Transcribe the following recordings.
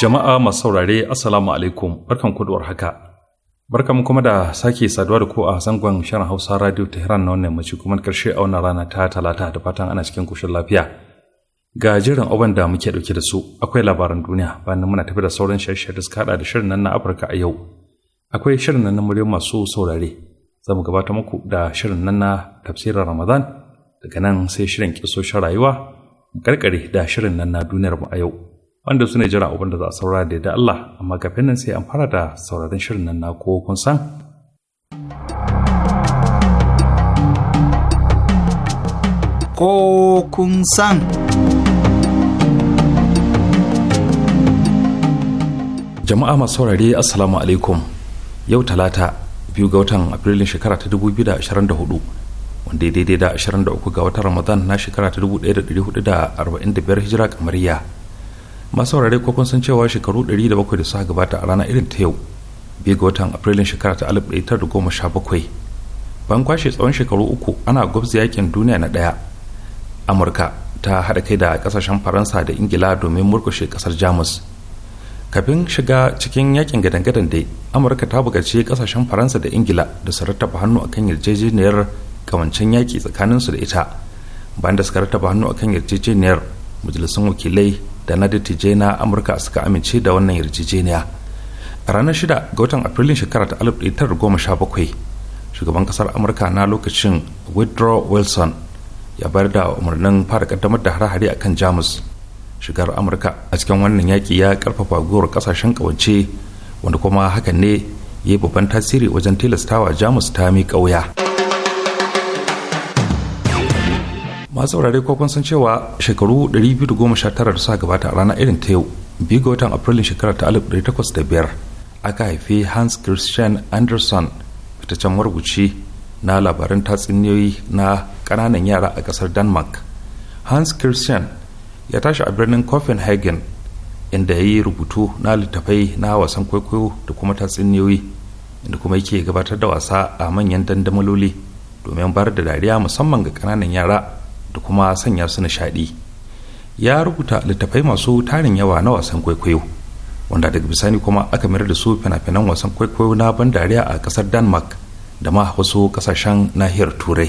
Jama'a masu saurare Assalamu alaikum barkan kuduwar haka. Barkan kuma da sake saduwa da ku a zangon shirin Hausa Radio Tehran na wannan mace kuma karshe a wannan rana ta talata da fatan ana cikin kushin lafiya. Ga jirin abin da muke dauke da su akwai labaran duniya bayan muna tafi da sauran shirye da suka hada da shirin nan na Afirka a yau. Akwai shirin nan na muryar masu saurare. Za mu gabata muku da shirin nan na tafsirar Ramadan daga nan sai shirin kisoshin rayuwa karkare da shirin nan na duniyar mu a yau. wanda su ne jira abin da za a saura da yadda Allah amma kafin nan sai an fara da sauraron shirin nan na ko kun san. Ko kun san. Jama'a masu saurare Assalamu alaikum yau talata biyu ga watan afrilin shekara ta 2024 wanda daidai da 23 ga watan Ramadan na shekara ta 1445 hijira kamariya. masu ko kun san cewa shekaru 107 da suka gabata a ranar irin ta yau biyu ga watan afrilun shekara ta 1917 ban kwashe tsawon shekaru uku ana gwabza yakin duniya na daya amurka ta hada kai da kasashen faransa da ingila domin murkushe kasar jamus kafin shiga cikin yakin gadan-gadan dai amurka ta buƙaci kasashen faransa da ingila da su rattaba hannu akan yarjejeniyar kamancin yaki tsakaninsu da ita bayan da suka rattaba hannu kan yarjejeniyar majalisun wakilai da na dattijai na amurka suka amince da wannan yarjejeniya a ranar shida ga watan afrilun shekara ta goma sha bakwai. shugaban kasar amurka na lokacin woodrow wilson ya bayar da umarnin fara kaddamar da hare-hare a kan jamus shigar amurka a cikin wannan yaƙi ya karfafa gwiwar ƙasashen ƙawance. wanda kuma hakan ne ya yi babban tasiri wajen tilastawa jamus ta miƙa ƙauya masu saurare ko kun san cewa shekaru 219 da suka gabata a ranar irin ta yau biyu ga watan afrilun shekarar ta alif 1805 aka haifi hans christian anderson fitaccen marubuci na labarin tatsuniyoyi na kananan yara a kasar denmark hans christian ya tashi a birnin copenhagen inda ya yi rubutu na littafai na wasan kwaikwayo da kuma tatsuniyoyi inda kuma yake gabatar da wasa a manyan dandamaloli domin bar da dariya musamman ga ƙananan yara da kuma sanya su nishaɗi ya rubuta littattafai masu tarin yawa na wasan kwaikwayo wanda daga bisani kuma aka mayar da su fina-finan wasan kwaikwayo na ban dariya a kasar denmark da ma wasu kasashen nahiyar turai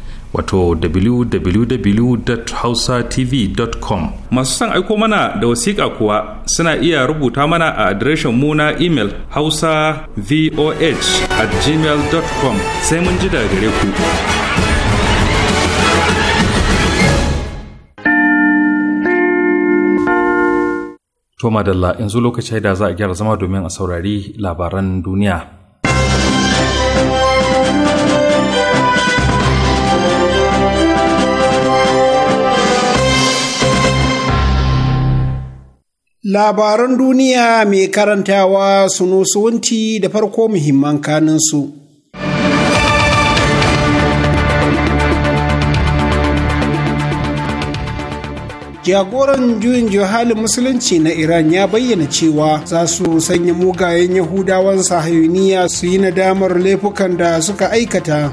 wato www.hausatv.com masu son aiko mana da wasiƙa kuwa suna iya rubuta mana a adireshin mu na imel hausa voh at gmail.com sai mun ji daga gare ku Toma Dalla yanzu lokacin da za a gyara zama domin a saurari labaran duniya. Labaran duniya mai karantawa suno suwunti da farko muhimman kaninsu. Jagoran juyin juhalin musulunci na Iran ya bayyana cewa za su sanya mugayen Yahudawan sahayuniya su yi nadamar laifukan da suka aikata.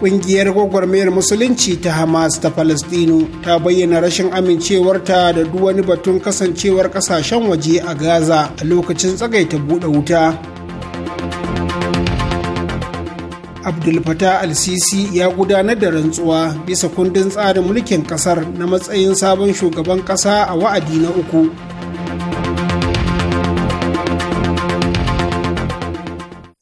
Ƙungiyar gwagwarmayar Musulunci ta Hamas ta Falastinu ta bayyana rashin amincewarta da duk wani batun kasancewar ƙasashen waje a Gaza a lokacin tsagaita buɗe wuta. abdulfata al-Sisi ya gudanar da rantsuwa bisa kundin tsarin mulkin ƙasar na matsayin sabon shugaban ƙasa a wa'adi na uku.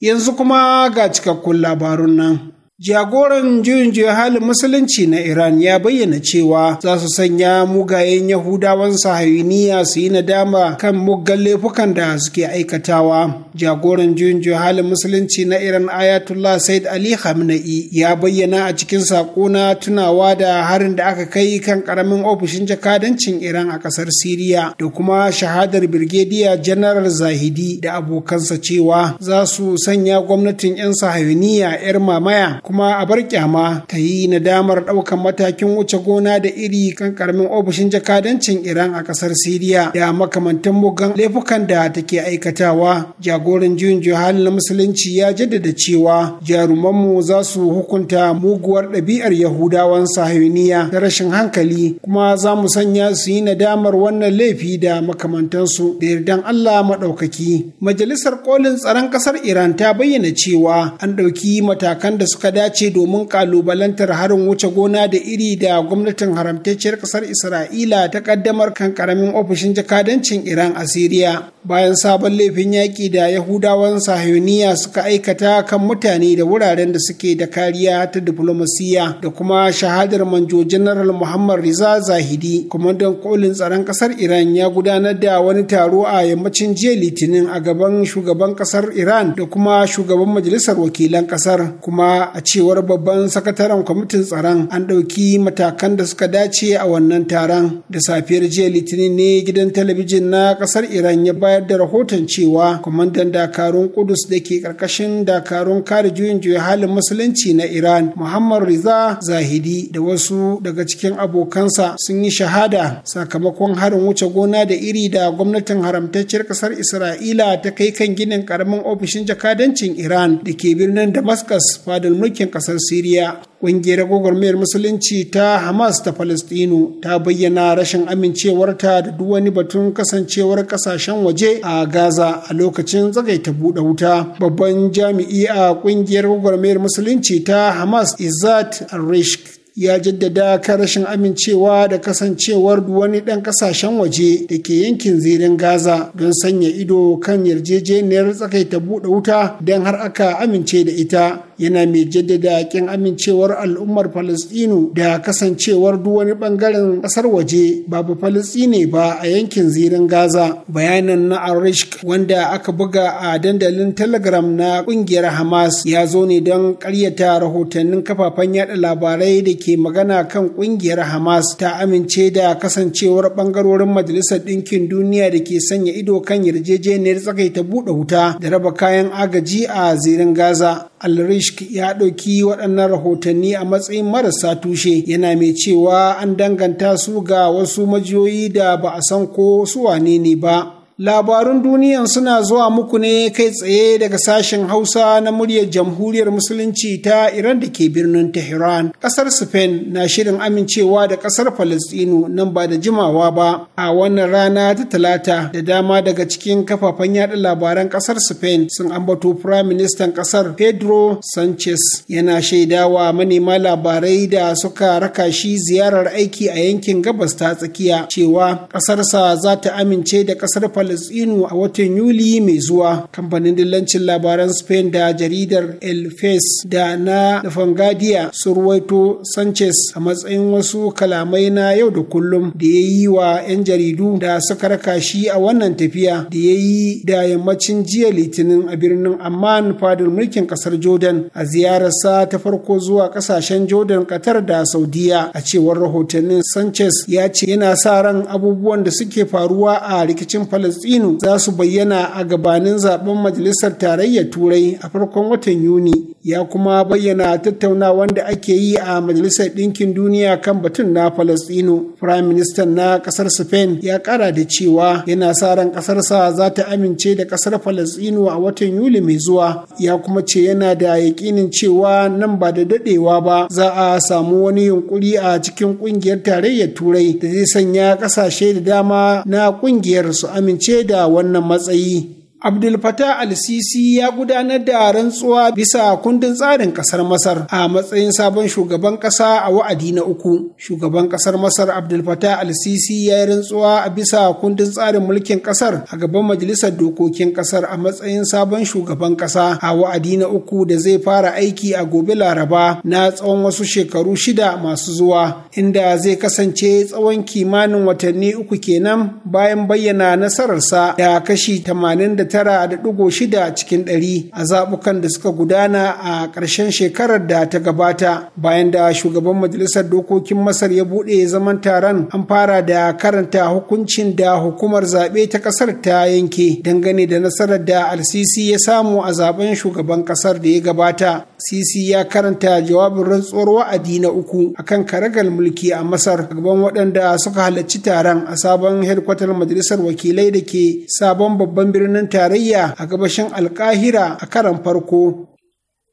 Yanzu kuma ga cikakkun labarun nan. Jagoran juyin juya halin musulunci na Iran ya bayyana cewa za su sanya mugayen Yahudawan sahayuniya su yi nadama kan muggan laifukan da suke aikatawa. Jagoran juyin juya halin musulunci na Iran Ayatollah Said Ali Khamenei ya bayyana a cikin saƙo na tunawa da harin da aka kai kan ƙaramin ofishin jakadancin Iran a ƙasar Siriya da kuma shahadar Birgediya Janar Zahidi da abokansa cewa za su sanya gwamnatin 'yan sahayuniya 'yar mamaya kuma a bar kyama ta yi nadamar ɗaukar matakin wuce gona da iri kan karamin ofishin jakadancin iran a ƙasar siriya da makamantan mugan laifukan da take aikatawa jagoran juyin juhal na musulunci ya jaddada cewa jarumanmu za su hukunta muguwar ɗabi'ar yahudawan Sahuniya da rashin hankali kuma za mu sanya su yi nadamar wannan laifi da makamantansu da yardan allah maɗaukaki majalisar kolin tsaron ƙasar iran ta bayyana cewa an ɗauki matakan da suka dace domin kalubalantar harin wuce gona da iri da gwamnatin haramtacciyar ƙasar isra'ila ta ƙaddamar kan ƙaramin ofishin jakadancin iran a siriya bayan sabon laifin yaƙi da yahudawan sahiyoniya suka aikata kan mutane da wuraren da suke da kariya ta diflomasiya da kuma shahadar manjo janaral muhammad riza zahidi kwamandan kolin tsaron ƙasar iran ya gudanar da wani taro a yammacin jiya litinin a gaban shugaban ƙasar iran da kuma shugaban majalisar wakilan ƙasar kuma a cewar babban sakataren kwamitin tsaron an ɗauki matakan da suka dace a wannan taron da safiyar jiya litinin ne gidan talabijin na ƙasar iran ya bayar da rahoton cewa kwamandan dakarun kudus da ke ƙarƙashin dakarun kare juyin juya halin musulunci na iran muhammad riza zahidi da wasu daga cikin abokansa sun yi shahada sakamakon harin wuce gona da iri da gwamnatin haramtacciyar ƙasar isra'ila ta kai kan ginin ƙaramin ofishin jakadancin iran da ke birnin damascus fadar mulki yankin ƙasar Siriya. Ƙungiyar gwagwarmayar Musulunci ta Hamas ta Falastinu ta bayyana rashin amincewarta da duk wani batun kasancewar ƙasashen waje a Gaza a lokacin zagaita buɗe wuta. Babban jami'i a ƙungiyar gwagwarmayar Musulunci ta Hamas Izzat Arishk ya jaddada kan rashin amincewa da kasancewar wani ɗan ƙasashen waje da ke yankin zirin gaza don sanya ido kan yarjejeniyar tsakaita buɗe wuta don har aka amince da ita yana mai jaddada kin amincewar al'ummar Falasɗinu da kasancewar duk wani bangaren ƙasar waje babu falastini ba a yankin zirin Gaza. Bayanin na Arishk wanda aka buga a dandalin Telegram na ƙungiyar Hamas ya zo ne don karyata rahotannin kafafen yada labarai da ke ke magana kan kungiyar Hamas ta amince da kasancewar bangarorin Majalisar Ɗinkin Duniya da ke sanya ido kan yarjejeniyar tsakaita buɗe wuta da raba kayan agaji a zirin Gaza. Al-Rishk ya ɗauki waɗannan rahotanni a matsayin marasa tushe yana mai cewa an danganta su ga wasu majiyoyi da ba a san ko su wane ne ba. Labarun duniyan suna zuwa muku ne kai tsaye daga sashen Hausa na muryar Jamhuriyar Musulunci ta Iran da ke birnin Tehran. Ƙasar Spain na shirin amincewa da ƙasar Falastinu nan ba da jimawa ba a wannan rana ta Talata da dama daga cikin kafafen yada labaran ƙasar Spain sun ambato Firaministan ƙasar Pedro Sanchez yana shaidawa manema labarai da suka raka shi ziyarar aiki a yankin gabas ta tsakiya cewa ƙasarsa za ta amince da ƙasar Falasɗinu a watan Yuli mai zuwa. Kamfanin dillancin labaran Spain da jaridar El Fes da na Fangadiya sun ruwaito Sanchez a matsayin wasu kalamai na yau da kullum da ya yi wa 'yan jaridu da suka raka shi a wannan tafiya da ya yi da yammacin jiya Litinin a birnin Amman fadar mulkin kasar Jordan a ziyararsa ta farko zuwa kasashen Jordan, Qatar da Saudiya a cewar rahotannin Sanchez ya ce yana sa ran abubuwan da suke faruwa a rikicin Falasɗinu Falasɗinu za su bayyana a gabanin zaben Majalisar Tarayyar Turai a farkon watan Yuni ya kuma bayyana tattauna wanda ake yi a majalisar ɗinkin duniya kan batun na falastino prime minister na ƙasar spain ya ƙara da cewa yana sa ran ƙasarsa za ta amince da ƙasar falastino a watan yuli mai zuwa ya kuma ce yana da yaƙinin cewa nan ba da daɗewa ba za a samu wani yunƙuri a cikin ƙungiyar tarayyar turai da zai sanya ƙasashe da dama na ƙungiyar su amince da wannan matsayi Abdul Fattah al-Sisi ya gudanar da rantsuwa bisa kundin tsarin ƙasar Masar a matsayin sabon shugaban ƙasa a wa'adi na uku. Shugaban ƙasar Masar Abdul Fattah al-Sisi ya yi rantsuwa a bisa kundin tsarin mulkin ƙasar, a gaban majalisar dokokin Ƙasar, a matsayin sabon shugaban ƙasa a wa'adi na uku da zai fara aiki a gobe Laraba na tsawon wasu shekaru shida masu zuwa inda zai kasance tsawon kimanin watanni uku kenan bayan bayyana nasararsa da kashi 80 shida cikin ɗari a zaɓukan da suka gudana a ƙarshen shekarar da ta gabata bayan da shugaban majalisar dokokin masar ya buɗe zaman taron an fara da karanta hukuncin da hukumar zaɓe ta ƙasar ta yanke dangane da nasarar da al-sisi ya samu a zaɓen shugaban ƙasar da ya gabata sisi ya karanta jawabin rantsuwar wa'adi na uku akan karagal mulki a masar gaban waɗanda suka halarci taron a sabon hedkwatar majalisar wakilai da ke sabon babban birnin tarayya a gabashin alkahira a karan farko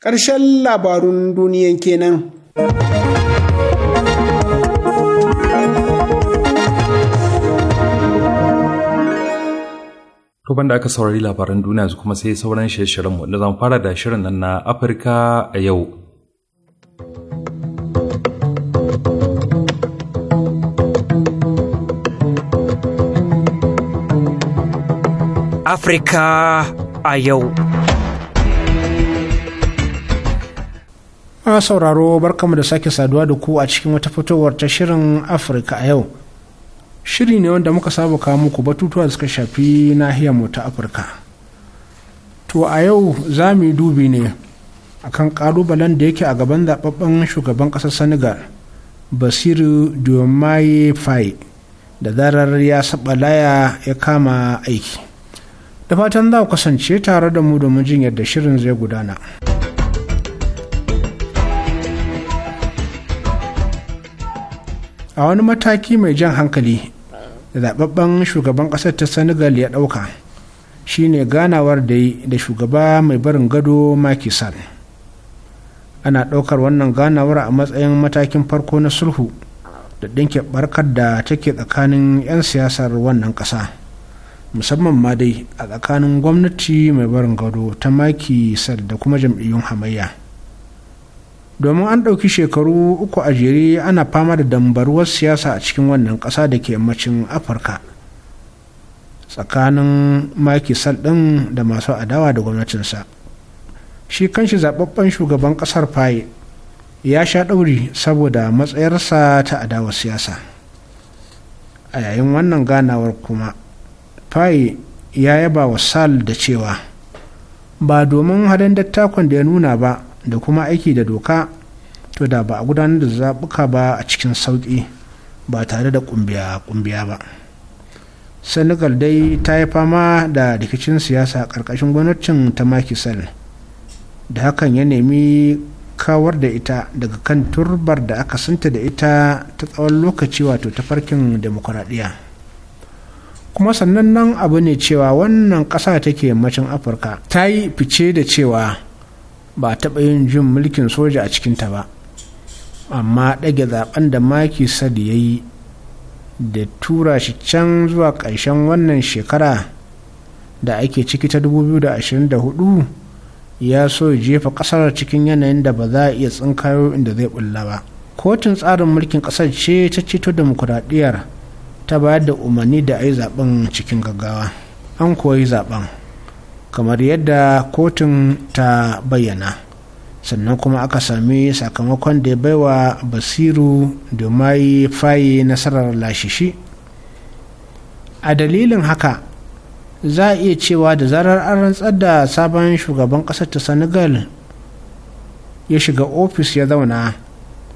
ƙarshen labarun duniyan kenan. Tuban da aka saurari labaran duniya kuma sai sauran shirye-shiryenmu da zan fara da shirin nan na Afirka a yau. Afirka a yau. Ma sauraro barkamu da sake saduwa da ku a cikin wata fitowar ta shirin Afirka a yau. Shiri ne wanda muka saba kawo muku batutuwa da suka shafi nahiyar mu ta Afirka. To a yau za mu yi dubi ne akan ƙalubalen da yake a gaban zaɓaɓɓen shugaban ƙasar Senegal, Basiru Diomaye Faye, da zarar ya saba laya ya kama aiki. da fatan za ku kasance tare da mu domin jin yadda shirin zai gudana. a wani mataki mai jan hankali da zababben shugaban ƙasar ta senegal ya ɗauka shine ganawar da yi da shugaba mai barin gado Macky Sall. ana ɗaukar wannan ganawar a matsayin matakin farko na sulhu da ɗinke ɓarkar da take tsakanin 'yan siyasar wannan ƙasa. musamman ma dai a tsakanin gwamnati mai barin gado ta maki sal da kuma jam'iyyun hamayya domin an ɗauki shekaru uku a jere ana fama da dambaruwar siyasa a cikin wannan ƙasa da ke yammacin afirka tsakanin maki sal ɗin da masu adawa da gwamnatinsa shi kanshi zababben shugaban ƙasar faye ya sha ɗauri saboda matsayarsa ta adawar siyasa a yayin wannan ganawar kuma faye ya yaba wa Sal da cewa ba domin hadin dattakon da ya nuna ba da kuma aiki da doka to da ba a gudanar da zaɓuka ba a cikin sauƙi ba tare da ƙumbiya-ƙumbiya ba senegal dai ta yi fama da rikicin siyasa a ƙarƙashin gwamnatin ta makisal da hakan ya nemi kawar da ita daga kan turbar da aka santa da ita ta tsawon lokaci wato ta farkin demokuraɗiyya kuma sannan nan abu ne cewa wannan ƙasa take yammacin afirka ta yi fice da cewa ba taɓa yin jin mulkin soja a cikinta ba amma ɗage zaben da maki sadi ya yi da tura shi can zuwa ƙarshen wannan shekara da ake ciki ta 2024 ya so jefa ƙasar cikin yanayin da ba za a iya tsinkayo inda zai bulla ba kotun tsarin mulkin ƙasar ce ta ceto demokuraɗiyar ta bayar da umarni da a yi zaben cikin gaggawa an koyi zaben kamar yadda kotun ta bayyana sannan kuma aka sami sakamakon da ya baiwa basiru da mai faye nasarar lashishi a dalilin haka za a iya cewa da zarar an rantsar da sabon shugaban ƙasar ta senegal ya shiga ofis ya zauna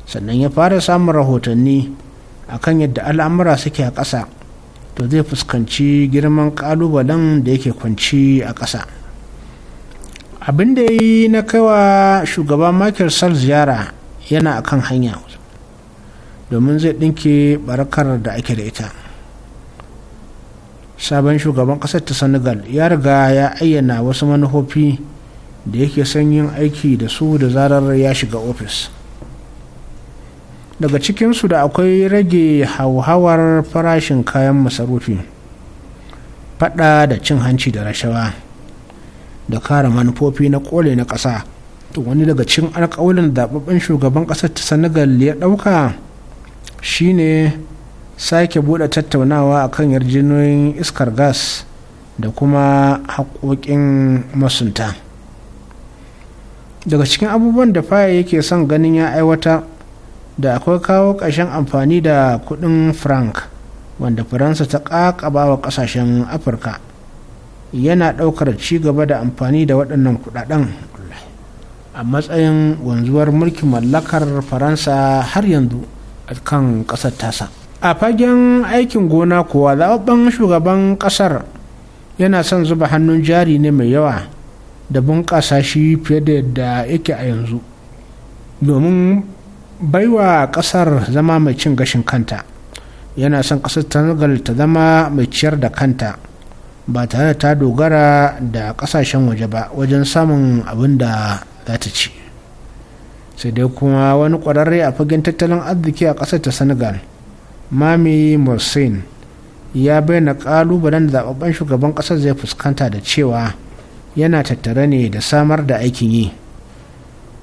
sannan ya fara samun rahotanni akan yadda al'amura suke a ƙasa to zai fuskanci girman ƙalubalen da yake kwanci a ƙasa abin da yi na kaiwa shugaba Michael sal ziyara yana akan hanya domin zai ɗinke barakar da ake da ita sabon shugaban ƙasar ta senegal ya riga ya ayyana wasu manufofi da yake son yin aiki da su da zarar ya shiga ofis. daga cikinsu da akwai rage hauhawar farashin kayan masarufi fada da cin hanci da rashawa da kare manufofi na kole na ƙasa wani daga cin alkawalin zababben shugaban ƙasar ta senegal ya ɗauka shine sake bude tattaunawa a kan yarjinoyin iskar gas da kuma haƙoƙin masunta daga cikin abubuwan da faye yake son ganin ya aiwata da akwai kawo ƙarshen amfani da kuɗin frank wanda faransa ta ƙaƙaba wa ƙasashen afirka yana ɗaukar ci gaba da amfani da waɗannan kuɗaɗen a matsayin wanzuwar mulkin mallakar faransa har yanzu a kan ƙasar tasa a fagen aikin gona kuwa zaɓaɓɓen shugaban ƙasar yana son zuba hannun jari ne mai yawa da bunƙasa shi fiye da yadda yake a yanzu domin baiwa ƙasar zama mai cin gashin kanta yana son ƙasar senegal ta zama mai ciyar da kanta ba tare da ta dogara da kasashen waje ba wajen samun abin da za ta ci sai dai kuma wani kwararre a fagen tattalin arziki a ƙasar ta senegal mami morsin ya bayyana kalubalen da zababben shugaban kasar zai fuskanta da cewa yana tattare ne da samar da aikin yi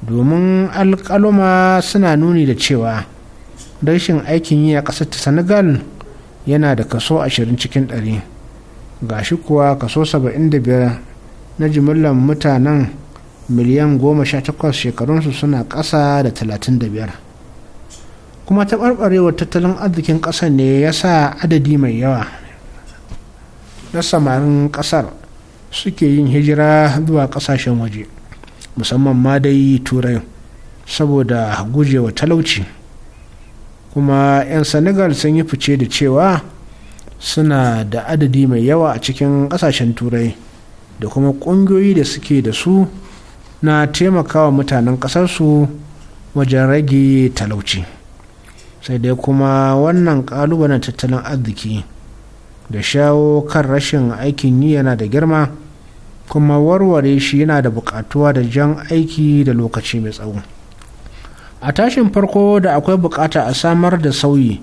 domin alƙaluma suna nuni da cewa rashin aikin yi a ƙasar ta senegal yana da kaso 20 cikin 100 gashi kuwa kaso 75 na jimillar mutanen miliyan 18 shekarunsu suna ƙasa da 35 kuma taɓarɓarewar tattalin arzikin ƙasar ne ya sa adadi mai yawa na samarin ƙasar suke yin hijira zuwa ƙasashen waje musamman ma dai turai saboda gujewa talauci kuma 'yan senegal sun yi fice da cewa suna da adadi mai yawa a cikin kasashen turai da kuma ƙungiyoyi da suke da su na taimakawa mutanen ƙasarsu wajen rage talauci sai dai kuma wannan ƙalubalen tattalin arziki da shawo kan rashin aikin yi yana da girma kuma warware shi yana da buƙatuwa da jan aiki da lokaci mai tsawo a tashin farko da akwai buƙata a samar da sauyi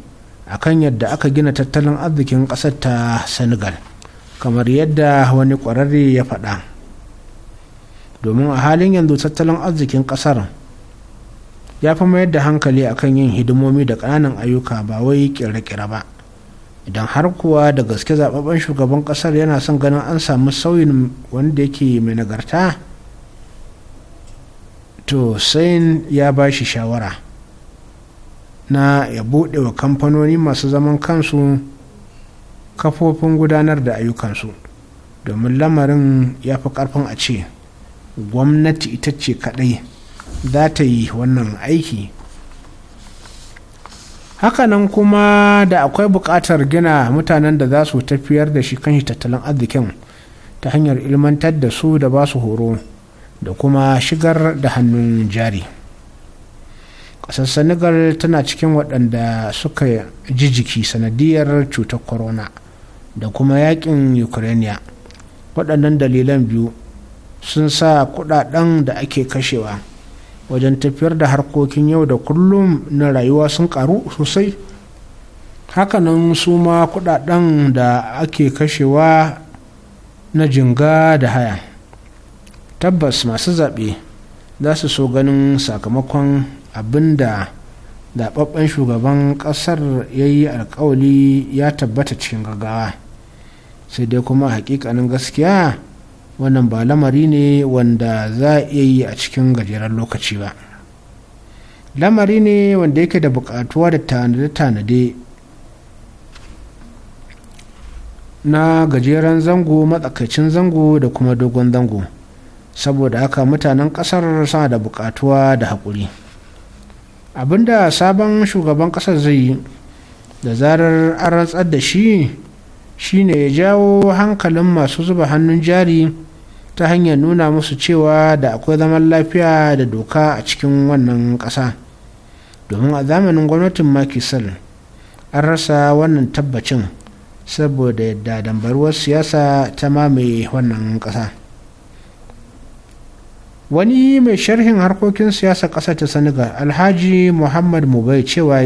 a kan yadda aka gina tattalin arzikin ƙasar ta senegal kamar yadda wani ƙwararre ya faɗa domin a halin yanzu tattalin arzikin ƙasar ya fi mayar da hankali akan yin hidimomi da ƙananan ayyuka ba wai ƙire-ƙire ba idan har kuwa da gaske zababben shugaban ƙasar yana son ganin an samu sauyin wanda yake mai nagarta to sai ya ba shi shawara na ya buɗe wa kamfanoni masu zaman kansu kafofin gudanar da ayyukansu domin lamarin ya fi ƙarfin a ce gwamnati ita ce kaɗai za ta yi wannan aiki hakanan kuma da akwai buƙatar gina mutanen da za su tafiyar da shi kan tattalin arzikin ta hanyar ilmantar da su da ba su horo da kuma shigar da hannun jari ƙasar senegal tana cikin waɗanda suka ji jiki sanadiyar cutar corona da kuma yakin ukraine waɗannan dalilan biyu sun sa kudaden da ake kashewa wajen tafiyar da harkokin yau da kullum na rayuwa sun karu sosai hakanan su ma kudaden da ake kashewa na jinga da haya tabbas masu zaɓe za su so ganin sakamakon abin da zaɓaɓɓen shugaban ƙasar ya yi alkawali ya tabbata cikin gaggawa sai dai kuma hakikanin gaskiya wannan ba lamari ne wanda za a iya yi a cikin gajeren lokaci ba lamari ne wanda yake da bukatuwa da tanade-tanade na gajeren zango matsakaicin zango da kuma dogon zango saboda haka mutanen kasar suna da bukatuwa da haƙuri abinda sabon shugaban kasar zai yi da zarar an rantsar da shi shine ya jawo hankalin masu zuba hannun jari ta hanyar nuna musu cewa da akwai zaman lafiya da doka a cikin wannan ƙasa domin a zamanin gwamnatin makisar an rasa wannan tabbacin saboda yadda dambaruwar siyasa ta mamaye wannan ƙasa wani mai sharhin harkokin siyasa ƙasa ta senegal alhaji muhammad mubai cewa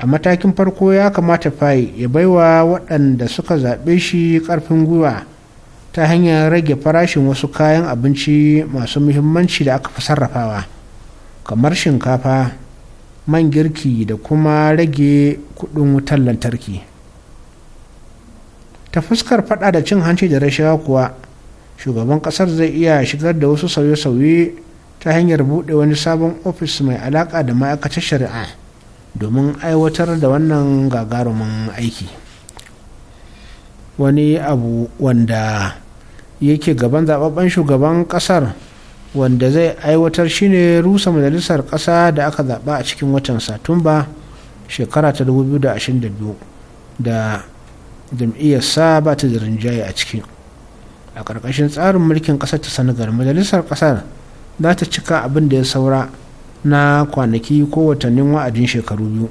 a matakin farko ya kamata fai ya baiwa waɗanda suka zaɓe shi ƙarfin gwiwa ta hanyar rage farashin wasu kayan abinci masu muhimmanci da aka fi sarrafawa kamar shinkafa man girki da kuma rage kuɗin wutar lantarki ta fuskar faɗa da cin hanci da rashawa kuwa shugaban ƙasar zai iya shigar da wasu sauye-sauye ta hanyar buɗe wani sabon ofis mai alaƙa da ma'aikatar shari'a domin aiwatar da wannan gagarumin aiki wani abu wanda yake gaban zababben shugaban kasar wanda zai aiwatar shine rusa majalisar kasa da aka zaba a cikin watan satumba shekara ta 2022 da jam'iyyar sa ba ta da rinjaye a ciki a ƙarƙashin tsarin mulkin ƙasar ta sanagar majalisar ƙasar za ta cika abin da ya saura na kwanaki ko watannin wa'adin shekaru biyu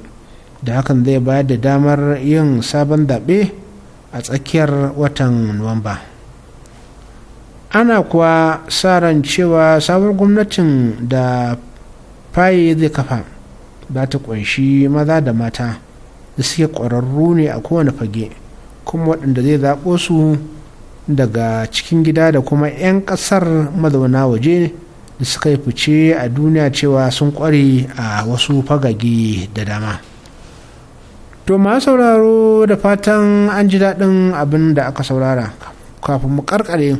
da hakan zai bayar da damar yin sabon zaɓe a tsakiyar watan nuwamba ana kuwa sa ran cewa sabon gwamnatin da faye zai kafa za ta ƙunshi maza da mata da suke ƙwararru ne a kowane fage kuma waɗanda zai zaɓo su daga cikin gida da kuma 'yan ƙasar mazauna waje da suka yi fice a duniya cewa sun kware a wasu fagage da dama to ma sauraro da fatan an ji daɗin abin da aka saurara kafin mu karkare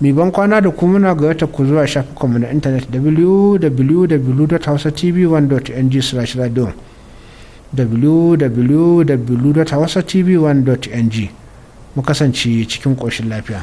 mai ban kwana da ku muna ga wata ku zuwa shafukanmu na intanet www.hausatv1.ng radio www.hausatv1.ng mu kasance cikin ƙoshin lafiya.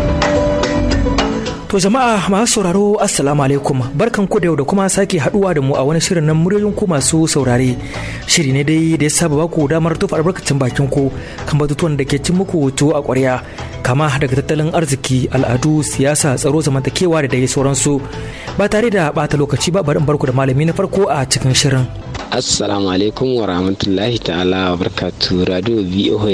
To jama'a masu sauraro assalamu alaikum barkan ku da yau da kuma sake haduwa da mu a wani shirin nan muryoyin ku masu saurare shiri ne dai da ya saba ba ku damar tufa albarkacin bakin ku kan batutuwan da ke cin muku to a ƙwarya kama daga tattalin arziki al'adu siyasa tsaro zamantakewa da dai sauransu ba tare da bata lokaci ba bari in barku da malami na farko a cikin shirin. assalamu alaikum wa rahmatullahi ta'ala wa barkatu radio voh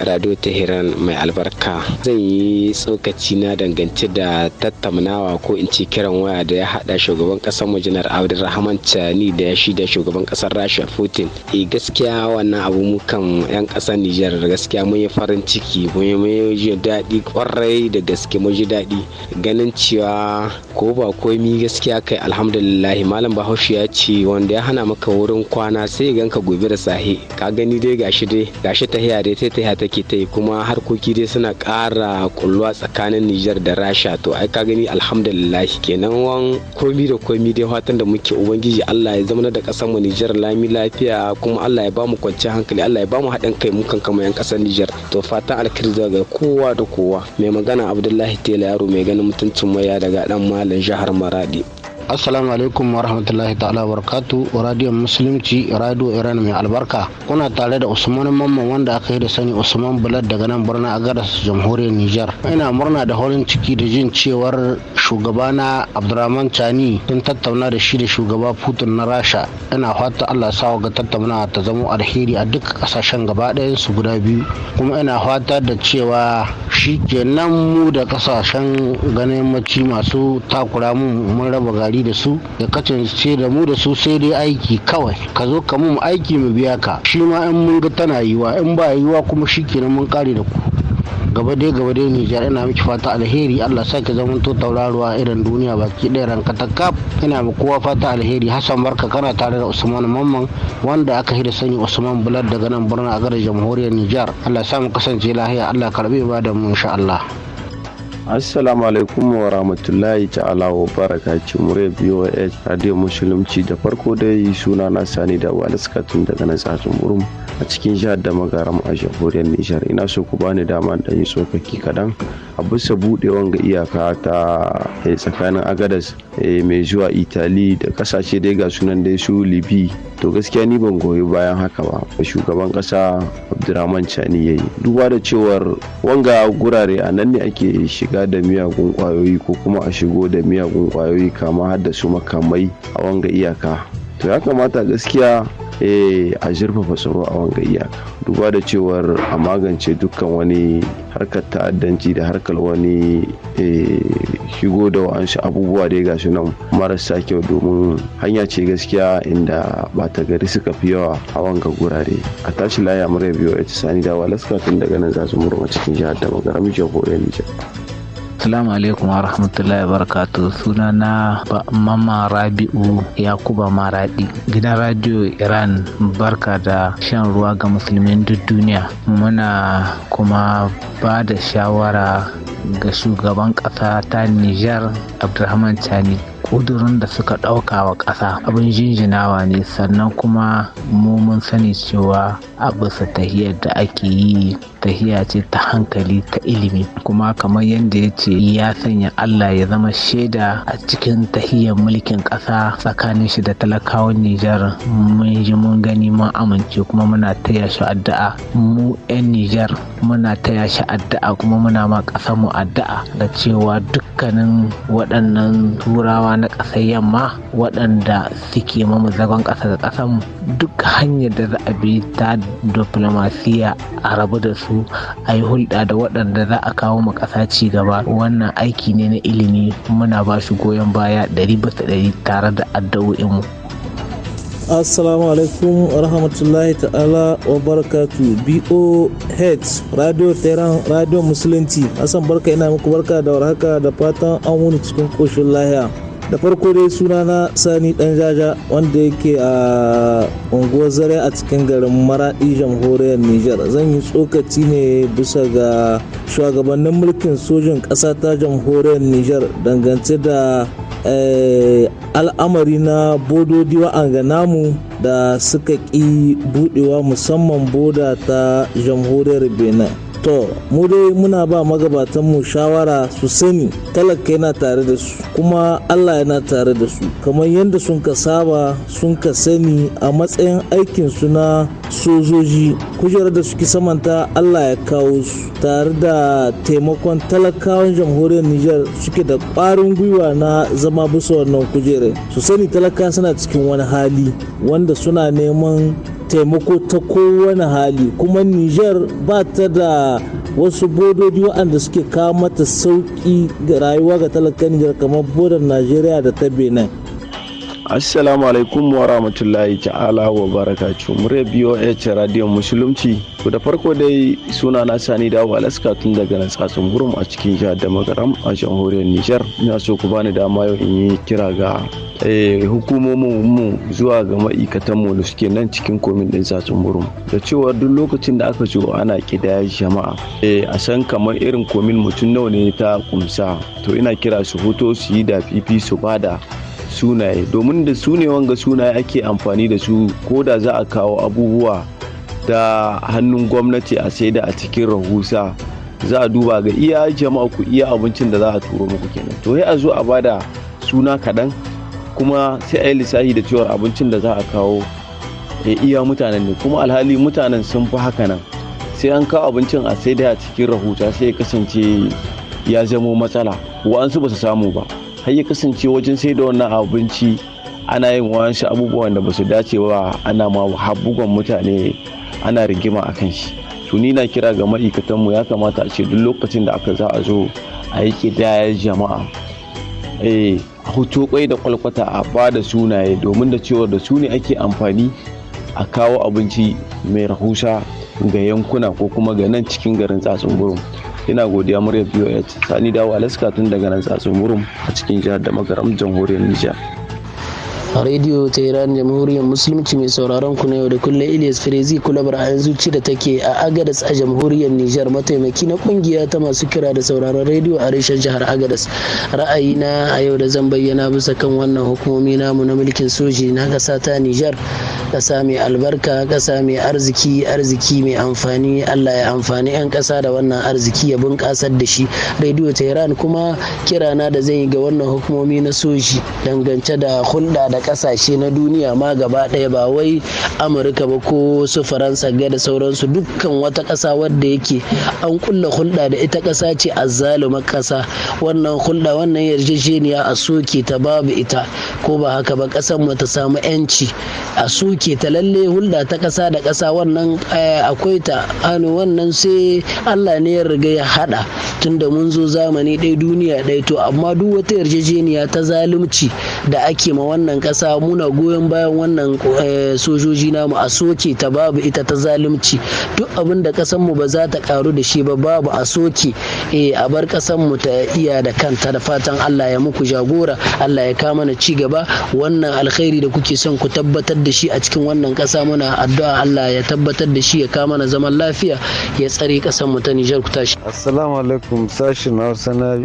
radio tehran mai albarka zan yi tsokaci na dangance da tattaunawa ko in ce kiran waya da ya hada shugaban kasar mu janar abdulrahman chani da ya shi da shugaban kasar rasha putin e gaskiya wannan abu mu kan yan kasar nijar gaskiya mun yi farin ciki mun yi daɗi kwarai da gaske mun ji daɗi ganin cewa ko ba komi gaskiya kai alhamdulillah malam bahaushe ya ce wanda ya hana maka wurin kwana sai gan ka gobe da sahi ka gani dai gashi dai gashi tahiya dai ta tahiya take ta kuma harkoki dai suna kara kulluwa tsakanin Nijar da Rasha to ai ka gani alhamdulillah kenan wan komi da komi dai fatan da muke ubangiji Allah ya zama da ƙasar mu Nijar lami lafiya kuma Allah ya bamu kwanciyar hankali Allah ya bamu haɗin kai mu kama yan ƙasar Nijar to fatan alkhairi daga kowa da kowa mai magana Abdullahi Tela yaro mai ganin mutuncin maya daga dan malam jihar Maradi assalamu alaikum wa rahmatullahi ta'ala wa barakatu radio musulunci radio iran mai albarka kuna tare da usman mamman wanda aka yi da sani usman bulat daga nan birnin agadas jamhuriyar niger ina murna da horin ciki da jin cewar shugabana abdurrahman chani sun tattauna da shi da shugaba putin na rasha ina fata allah sa ga tattaunawa ta zamo alheri a duk kasashen gaba ɗayan su guda biyu kuma ina fata da cewa shi kenan mu da kasashen ganin maci masu takura mu mun raba gari da su da kacance da mu da su sai dai aiki kawai ka zo ka mu aiki mu biya ka shi ma in mun ga tana yiwa in ba yiwa kuma shi kenan mun kare da ku gaba dai gaba dai Nijar ina miki fata alheri Allah sa ki zama to tauraruwa irin duniya baki ɗaya ranka ta kaf ina ma kowa fata alheri Hassan Barka kana tare da Usman Mamman wanda aka hida sani Usman Bulat daga nan birnin a garin jamhuriyar Nijar Allah sa mu kasance lahiya Allah karbe ba da mu insha Allah assalamu alaikum wa rahmatullahi ta'ala wa barakatuh murya boh radio musulunci da farko dai suna na sani da wani skatun daga nan tsatsun murum a cikin jihar da magaram a jamhuriyar nijar ina so ku bani dama da yi tsokaki kadan a bisa budewan ga iyaka ta eh, tsakanin agadas eh, mai zuwa itali da kasashe dai ga sunan dai su libi to gaskiya ni ban goyi bayan haka ba a shugaban kasa abdurrahman chani yayi duba da cewar wanga gurare a nan ne ake shiga shiga da miyagun kwayoyi ko kuma a shigo da miyagun kwayoyi kama har da su makamai a wanga iyaka to ya kamata gaskiya eh, a zurfafa tsaro a wanga iyaka duba da cewar a magance dukkan wani harkar ta'addanci da harkar wani eh, shigo da wa'ansu abubuwa dai ga su nan marasa kyau domin hanya ce gaskiya inda ba ta gari suka fi yawa a wanga gurare a tashi laya murya biyu a sani da walaska tun daga nan za su murma cikin jihar da magaram jamhuriyar salamu alaikum wa rahmatullahi wa barakatu suna na mama rabi'u yakuba maradi gidan radio iran barka da shan ruwa ga musulmin duk duniya muna kuma ba da shawara ga shugaban ƙasa ta nijar Abdurrahman chani kudurin da suka ɗauka wa ƙasa abin jinjinawa ne sannan kuma mu mun sani cewa a bisa tahiyar da ake yi tahiya ce ta hankali ta ilimi kuma kamar yadda ya ce ya sanya Allah ya zama shaida a cikin tahiyar mulkin ƙasa tsakanin shi da talakawan Nijar mun ji mun gani mun amince kuma muna taya shi addu'a mu 'yan Nijar muna taya shi addu'a kuma muna ma ƙasar mu addu'a da cewa dukkanin waɗannan turawa na ƙasar yamma waɗanda suke mamu zagon ƙasa da ƙasar mu duk hanyar da za a bi ta diplomasiya a rabu da su karatu a yi hulɗa da waɗanda za a kawo mu ƙasa ci gaba wannan aiki ne na ilimi muna ba shi goyon baya ɗari bisa ɗari tare da addu'o'inmu. assalamu alaikum rahmatullahi ta'ala wa barakatu boh radio tehran radio musulunci asan barka ina muku barka da warhaka da fatan an wuni cikin koshin lahiya da farko dai suna na sani dan jaja wanda yake a unguwar zare a cikin garin maradi jamhuriyar niger zan yi tsokaci ne bisa ga shugabannin mulkin sojin ƙasa ta jamhuriyar niger dangance da eh, al'amari na bododi wa'anga namu da suka ƙi budewa musamman boda ta jamhuriyar benin to mu dai muna ba mu shawara su sani talaka yana tare da su kuma allah yana tare da su kamar yadda sun ka saba sun ka sani a matsayin aikin su na sojoji kujerar da suke samanta allah ya kawo su tare da taimakon talakawan jamhuriyar nijar suke da ƙwarin gwiwa na zama bisa wannan kujerar su sani talaka suna cikin wani hali wanda suna neman taimako ta kowane hali kuma niger ba ta da wasu bododi waɗanda suke kawo mata sauƙi ga rayuwa ga talakan niger kamar bodar najeriya da ta benin Assalamu alaikum wa rahmatullahi ta'ala wa barakatu. Murya BOH Radio Musulunci. To da farko dai suna na Sani Dawo Alaska tun daga nan tsatsun gurum a cikin jihar da magaram a jamhuriyar Nijar. Ina so ku bani dama yau in yi kira ga eh, hukumomin mu zuwa ga ma'aikatan mu da suke nan cikin komin din tsatsun gurum. Da cewa duk lokacin da aka zo ana kidaya jama'a. Eh, a san kamar irin komin mutum nawa ne ta kumsa. To ina kira su hoto su yi da fifi su bada sunaye domin da su ne wanga sunaye ake amfani da su ko da za a kawo abubuwa da hannun gwamnati a saida a cikin rahusa za a duba ga iya jama'a ku iya abincin da za a turo muku kenan to sai a zo a bada suna kaɗan kuma sai a yi lissafi da cewa abincin da za a kawo ya eh, iya mutanen ne kuma alhali mutanen sun fi haka nan sai an kawo abincin a sai da cikin rahusa sai ya kasance ya zamo matsala wa'ansu ba su samu ba har ya kasance wajen sai da wannan abinci ana yin wasu abubuwan da ba su dace ba ana ma habugon mutane ana rigima a kan shi tuni na kira ga ma'aikatanmu ya kamata a ce duk lokacin da aka za a zo a yi kidayar jama'a eh, a hoto kwai da kwalkwata a ba da sunaye domin da cewar da su ne ake amfani a kawo abinci mai rahusa ga yankuna ko kuma ga nan cikin garin tsatsun gurin ina godiya murya voh sani dawo alaska tun daga nan tsatsun a cikin jihar da makaram jamhuriyar nijar a rediyo ta iran jamhuriyar musulunci mai sauraron ku na yau da kullum ilyas firezi kula ra'ayin zuci da take a agadas a jamhuriyar nijar mataimaki na kungiya ta masu kira da sauraron rediyo a reshen jihar agadas ra'ayi na a yau da zan bayyana bisa kan wannan hukumomi namu na mulkin soji na kasa ta nijar ƙasa mai albarka ƙasa mai arziki arziki mai amfani allah ya amfani 'yan ƙasa da wannan arziki ya bunƙasar da shi rediyo tehran kuma kirana da zai yi ga wannan hukumomi na soji dangance da hulɗa da ƙasashe na duniya ma gaba ɗaya ba wai amurka ba ko su faransa ga da sauransu dukkan wata ƙasa wadda yake an kulla hulɗa da ita ƙasa ce a zaluma ƙasa wannan hulɗa wannan yarjejeniya a soke ta babu ita ko ba haka ba ƙasar mu ta samu 'yanci a soke ke ta lalle hulɗa ta ƙasa da ƙasa wannan eh, akwai ta hannu wannan sai allah ne ya riga ya haɗa tunda mun zo zamani ɗaya duniya ɗaya to amma duk wata yarjejeniya ta zalunci da ake ma wannan kasa muna goyon bayan wannan eh, sojoji namu a soke ta babu ita ta zalunci duk abin da mu ba za ta karu da shi ba babu a soke eh, a bar ƙasar mu ta iya da kanta da fatan Allah ya muku jagora Allah ya kama na ci gaba wannan alkhairi da kuke son ku tabbatar da shi a cikin wannan kasa muna addu'a Allah ya tabbatar da shi ya kama na zaman lafiya ya tsare ƙasar mu ta Nijar ku tashi assalamu alaikum sashin Hausa na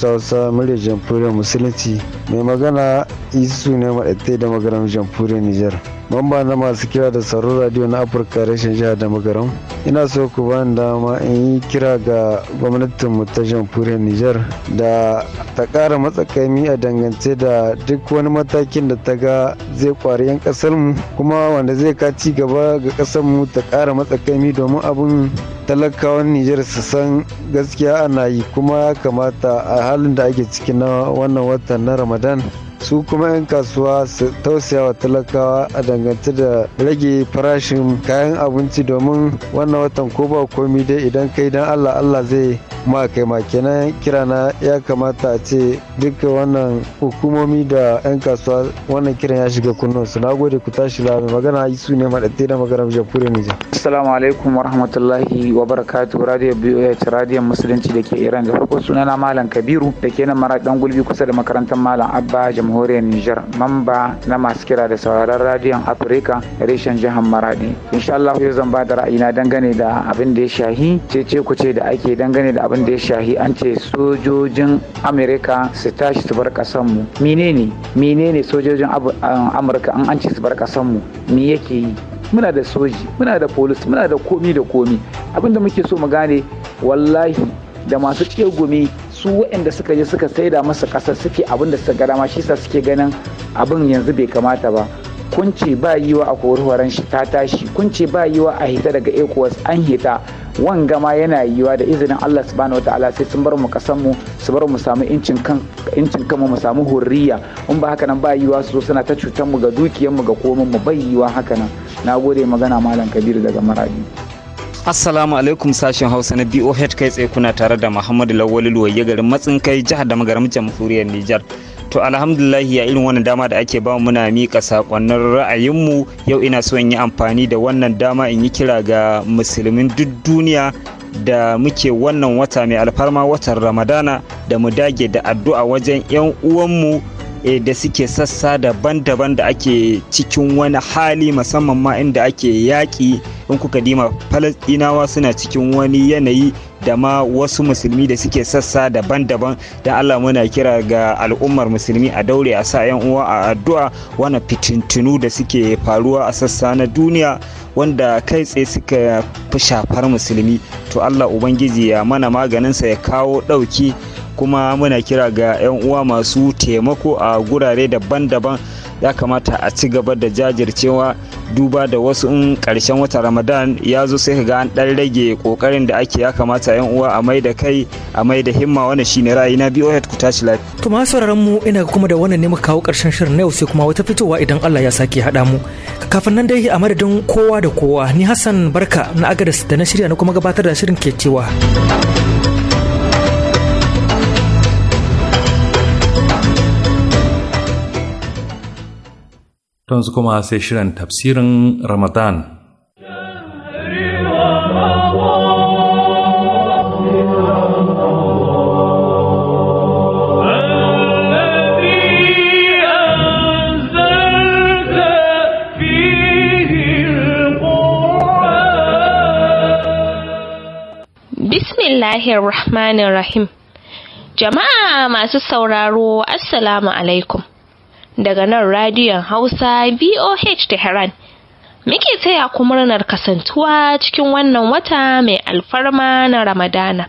ta wasa murya jamhuriyar Musulunci mai magana isu ne maɗaɗe da magaram jamhuriyar Nijar. Mamba na masu kira da sauran radio na Afirka rashin jihar da magaram. Ina so ku ba dama in yi kira ga gwamnatinmu ta jamhuriyar Nijar da ta ƙara matsakami a dangance da duk wani matakin da ta ga zai kwari 'yan ƙasarmu kuma wanda zai ka ci gaba ga ƙasarmu ta ƙara matsakami domin abin talakawan nijar su san gaskiya ana yi kuma ya kamata a halin da ake ciki na wannan watan na ramadan su kuma 'yan kasuwa su tausaya wa talakawa a dangance da rage farashin kayan abinci domin wannan watan ko ba komi dai idan kai dan allah allah zai ma na kirana ya kamata a ce duka wannan hukumomi da 'yan kasuwa wannan kiran ya shiga kunnun su nagode ku tashi la magana yi su ne madaddai da kure ne Nijar assalamu alaikum warahmatullahi wa barakatuh radio BOH radio musulunci da ke Iran da farko sunana malam Kabiru da ke nan mara dan gulbi kusa da makarantar malam Abba jamhuriyar Nijar mamba na masu kira da sauraron radiyon Afirka reshen jihar maraɗi insha Allah yau zan ba da ra'ayina dangane da abin da ya shahi ce ku ce da ake dangane da abin da ya shahi an ce sojojin amerika su tashi su bar kasan mu menene menene sojojin um, amurka an an ce su bar kasan mu me yake yi muna da soji muna da polis muna da komi da komi da muke so mu gane wallahi da masu tsegumi su waɗanda suka je suka saida masa ƙasa suke abin da suka gada shi sa suke ganin abin yanzu bai kamata ba kun ba yiwa a koruwaran shi ta tashi kun ce ba yiwa a hita daga ecowas an hita wanga ma yana yiwuwa da izinin Allah subhanahu ta'ala sai sun bar mu kasan mu su bar mu samu incin kan incin kanmu mu samu hurriya in ba haka nan ba yiwuwa su zo suna ta cutar mu ga dukiyar mu ga komai mu bai yiwuwa haka nan nagode magana malam Kabiru daga Maradi Assalamu alaikum sashen Hausa na BOH kai tsaye kuna tare da Muhammadu Lawali Luwaye garin matsinkai jihar da magaram jamhuriyar Nijar. to alhamdulillah ya irin wannan dama da ake ba muna mika sakonnin ra'ayinmu yau ina so in yi amfani da wannan dama in yi kira ga musulmin duk duniya da muke wannan wata mai alfarma watan ramadana da mu dage da addu'a wajen 'yan uwanmu eh, da suke sassa daban-daban da ake cikin wani hali musamman ma inda ake yaƙi in kuka dima falasɗinawa suna cikin wani yanayi da ma wasu musulmi da suke sassa daban-daban don Allah muna kira ga al'ummar musulmi a daure a sa 'yan uwa a addu'a wani fitintinu da suke faruwa a sassa na duniya wanda kai tsaye suka fi shafar musulmi to Allah ubangiji ya mana maganinsa ya kawo ɗauki kuma muna kira ga 'yan uwa masu taimako a gurare daban-daban ya kamata a ci gaba da jajircewa duba da wasu in karshen wata ramadan ya zo sai ka ga an dan rage kokarin da ake ya kamata yan uwa a mai da kai a mai da himma wannan shine ra'ayi na biyo ku tashi lafiya to ma sauraron mu ina kuma da wannan ne mu kawo karshen shirin na yau sai kuma wata fitowa idan Allah ya saki hada mu kafin nan dai a madadin kowa da kowa ni Hassan Barka na agadas da na shirya na kuma gabatar da shirin ke cewa ta yanzu kuma sai shirin tafsirin Ramadan. Bismillahirrahmanirrahim. Jama'a masu sauraro, Assalamu alaikum. daga nan radiyon Hausa VOH Tehran. Muke taya ku murnar kasantuwa cikin wannan wata mai alfarma na Ramadana.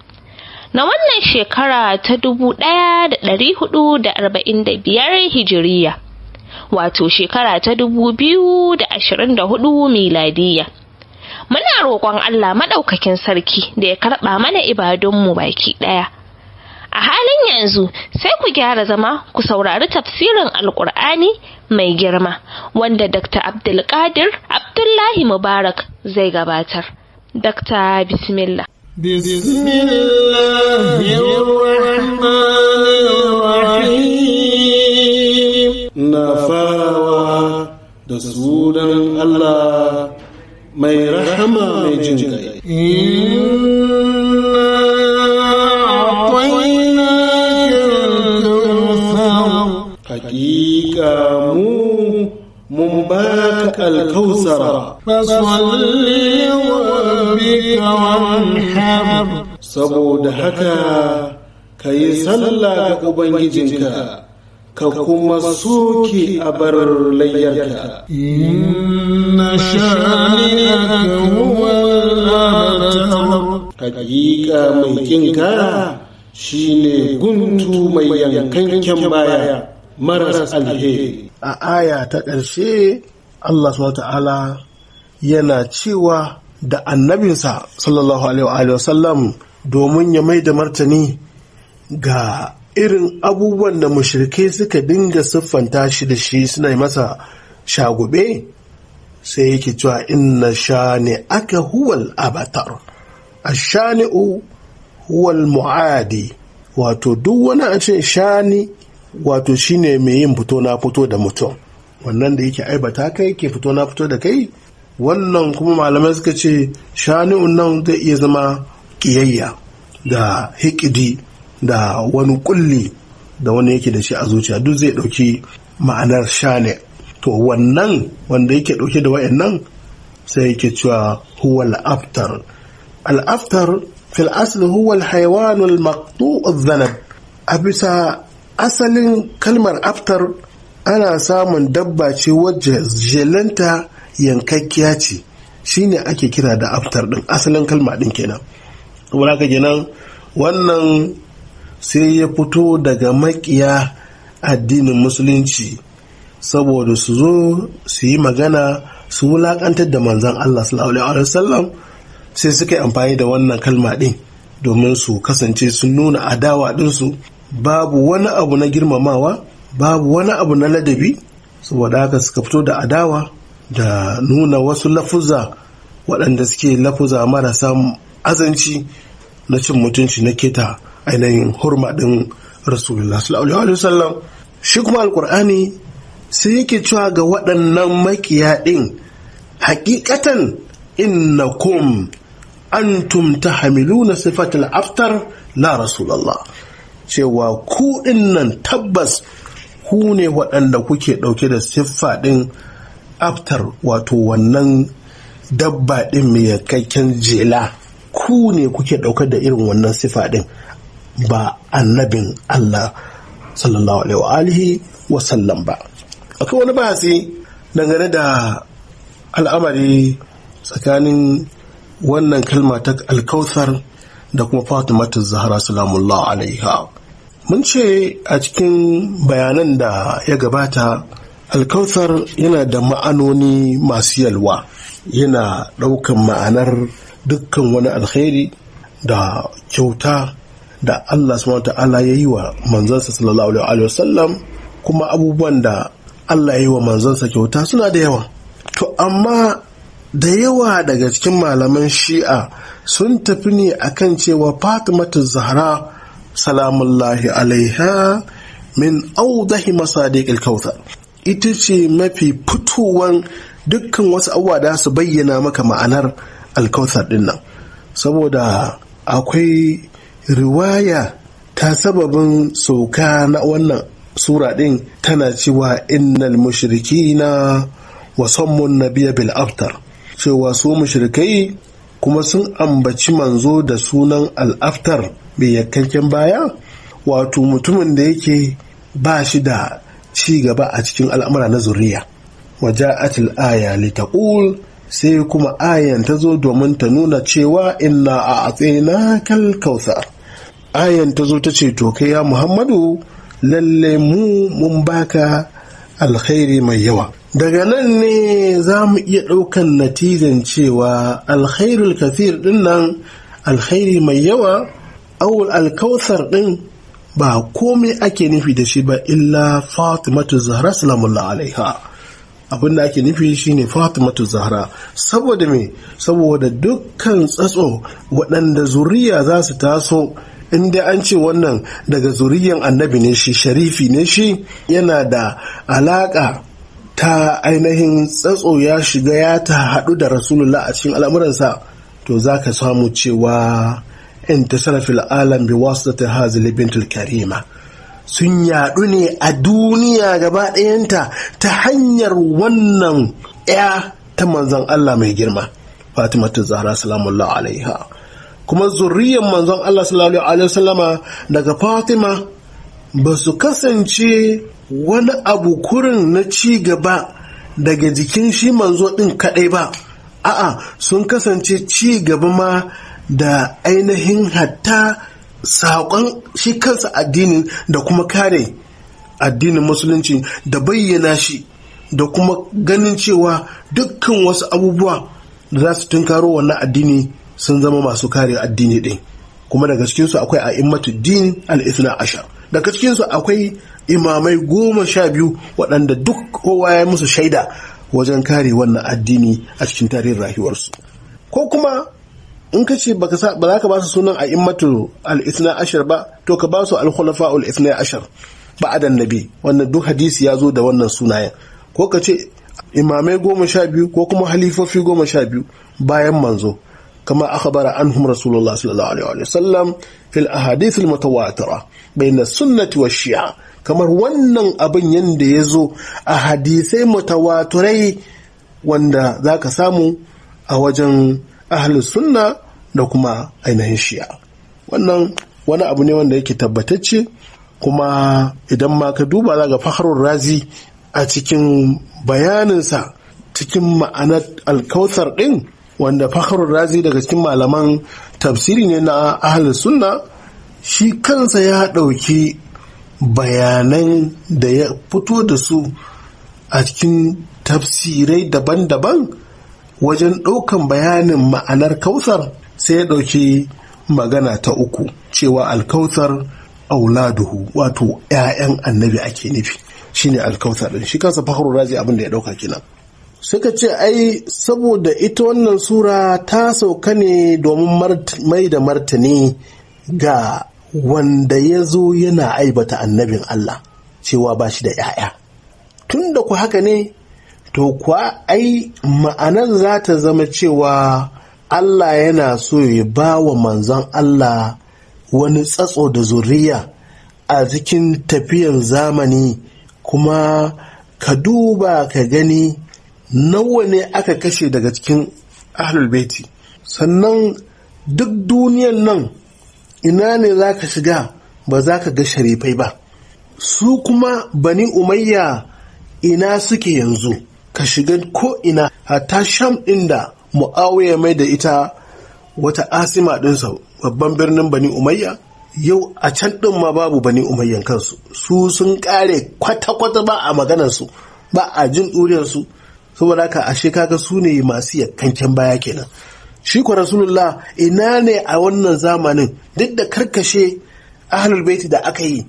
Na wannan shekara ta dubu ɗaya da da ɗari da biyar Hijiriya, wato shekara ta dubu biyu da ashirin da hudu miladiya. Muna roƙon Allah Maɗaukakin Sarki da ya karɓa mana ibadunmu baki ɗaya. a halin yanzu sai ku gyara zama ku saurari tafsirin alkur'ani mai girma wanda dr abdulkadir abdullahi mubarak zai gabatar dr bismillah Na farawa da الرحيم Allah mai rahama mai jin أعطاك الكوثر فصل لربك وانحر saboda haka ka yi sallah ga ubangijinka ka kuma soke a bar layyarka inna shani'aka huwal abtar hakika mai kinka shine guntu mai yankanken baya maras alheri a aya ta ƙarshe Allah ta'ala yana cewa da annabinsa sallallahu alaihi wa sallam domin ya mai da martani ga irin abubuwan da mushrikai suka dinga siffanta shi da shi suna yi masa shagube sai yake cewa inna shani aka huwal abatar A ashani'u huwal mu'adi wato duk wani a ce shani wato shine mai yin fito na fito da mutum wannan da yake aibata kai ke fito na fito da kai wannan kuma malamai suka ce shani'un nan zai iya zama kiyayya da hikidi da wani kulli da wani yake da shi a zuciya duk zai ɗauki ma'anar shani to wannan wanda yake ɗauke da nan, sai yake cewa huwa al'aftar al'aftar fil asli huwa al-hayawan al-maqtu' a bisa asalin kalmar aftar ana samun dabba ce wacce jelanta yankakkiya ce shine ake kira da aftar din asalin kalma din kenan saboda kenan wannan sai ya fito daga makiya addinin musulunci saboda su zo su yi magana su wulakantar da manzan Allah sallallahu alaihi wasallam sai suka yi amfani da wannan kalma din domin su kasance sun nuna adawa ɗinsu babu wani abu na girmamawa babu wani abu na ladabi saboda haka suka fito da adawa da nuna wasu lafuza waɗanda suke lafuza marasa azanci na cin mutunci na keta ainihin hurma ɗin rasulullah sallallahu alaihi wasallam shi kuma alkur'ani sai yake cewa ga waɗannan makiya ɗin hakikatan innakum antum na sifatul aftar la rasulullah cewa ku nan tabbas ku ne waɗanda kuke ɗauke da siffa ɗin aftar wato wannan dabba ɗin mai yankakken jela ku ne kuke ɗauke da irin wannan siffa ɗin ba annabin Allah sallallahu alaihi wa alihi sallam ba akwai wani bahasi dangane da al'amari tsakanin wannan kalma ta alkautsar da kuma fatimatu zahra salamullah alaiha mun ce a cikin bayanan da ya gabata alkautar yana da ma'anoni masu yalwa yana ɗaukan ma'anar dukkan wani alkhairi da kyauta da Allah subhanahu ta'ala ya yi wa manzansa sallallahu alaihi wasallam kuma abubuwan da Allah ya yi wa manzansa kyauta suna da yawa to amma da yawa daga cikin malaman shi'a sun tafi ne akan cewa fatimatu zahra salamullahi alaiha min audahi masadiq al ita ce mafi fitowan dukkan wasu abubuwa da su bayyana maka ma'anar alkautsar din nan saboda akwai riwaya ta sababin sauka na wannan sura din tana cewa innal mushrikina wa sammun nabiya bil aftar cewa su mushrikai kuma sun ambaci manzo da sunan al'aftar mai yankakken baya wato mutumin da yake ba shi da ci gaba a cikin al'amura na zuriya waja'atil aya litaqul sai kuma ayan ta zo domin ta nuna cewa inna a atsina kal kautsar ayan ta zo ta ce to kai ya muhammadu lalle mu mun baka alkhairi mai yawa daga nan ne za mu iya ɗaukan natijan cewa alkhairul kafir ɗin nan alkhairi mai yawa awul alkausar ɗin ba komai ake nufi da shi ba illa fatimatu zahra salamullah alaiha abinda ake nufi shine fatimatu zahra saboda me saboda dukkan tsatso waɗanda zuriya za su taso inda an ce wannan daga zuriyan annabi ne shi sharifi ne shi yana da alaƙa ta ainihin tsatso ya shiga ya ta haɗu da rasulullah a cikin al'amuransa to za ka samu cewa intasara fil alam bi wasitati hazil bintul karima sun yaɗu ne a duniya gaba ɗayanta ta hanyar wannan ya ta manzon Allah mai girma Fatima ta Zahra salamullahi alaiha kuma zuriyar manzon Allah sallallahu alaihi daga Fatima ba su kasance wani abu kurin na ci gaba daga jikin shi manzo ɗin kaɗai ba a'a sun kasance ci gaba ma da ainihin hatta saƙon shi kansa addinin da kuma kare addinin musulunci da bayyana shi da kuma ganin cewa dukkan wasu abubuwa da za su tunkaro wannan addini sun zama masu kare addini ɗin kuma daga cikinsu akwai a immatu din al-ithna ashar daga cikinsu akwai imamai goma sha biyu waɗanda duk kowa ya musu shaida wajen kare wannan addini a cikin tarihin rayuwarsu ko kuma in ka ce ba za ka ba su sunan a immatu al-isna ashar ba to ka ba su al-khulafa al-isna ashar ba'adan nabi wannan duk hadisi ya zo da wannan sunayen ko ka ce imamai goma sha biyu ko kuma halifofi goma sha biyu bayan manzo kama akhbara anhum rasulullah sallallahu alaihi wa sallam fil ahadith al mutawatira bain sunnati wa shi'a kamar wannan abin yanda ya zo a hadisai mutawaturai wanda zaka samu a wajen ahlus sunna da kuma ainihin shi'a wannan wani abu ne wanda yake tabbatacce kuma idan ma ka duba za ga razi a cikin bayaninsa cikin ma'anar alkautsar ɗin wanda fahrul razi daga cikin malaman tafsiri ne na ahalin sunna shi kansa ya ɗauki bayanan da ya fito da su a cikin tafsirai daban-daban wajen ɗaukan bayanin ma'anar kautsar sai ya ɗauki magana ta uku cewa alkautsar auladuhu wato 'ya'yan annabi ake nufi shine alkautsar ɗin shi kansa fakhru razi abin da ya ɗauka kenan suka ce ai saboda ita wannan sura ta sauka ne domin mai da martani ga wanda ya zo yana aibata annabin Allah cewa ba shi da ‘ya'ya. Tun da ku haka ne to kuwa ai ma'anar za ta zama cewa Allah yana so ya ba wa manzon Allah wani tsatso da zuriya a cikin tafiyan zamani kuma ka duba ka gani nawa ne aka kashe daga cikin ahlul baiti sannan duk duniyan nan ina ne za ka shiga ba za ka ga sharifai ba su kuma bani umayya ina suke yanzu ka shiga ko'ina ina hatta sham ɗin da mu'awiya mai da ita wata asima ɗinsa babban birnin bani umayya yau a can ɗin ma babu bani umayyan kansu su sun ƙare kwata-kwata ba a maganarsu ba a jin ɗuriyarsu saboda haka ashe kaga su ne masu yakkanken baya kenan shi ku rasulullah ina ne a wannan zamanin duk da karkashe ahlul baiti da aka yi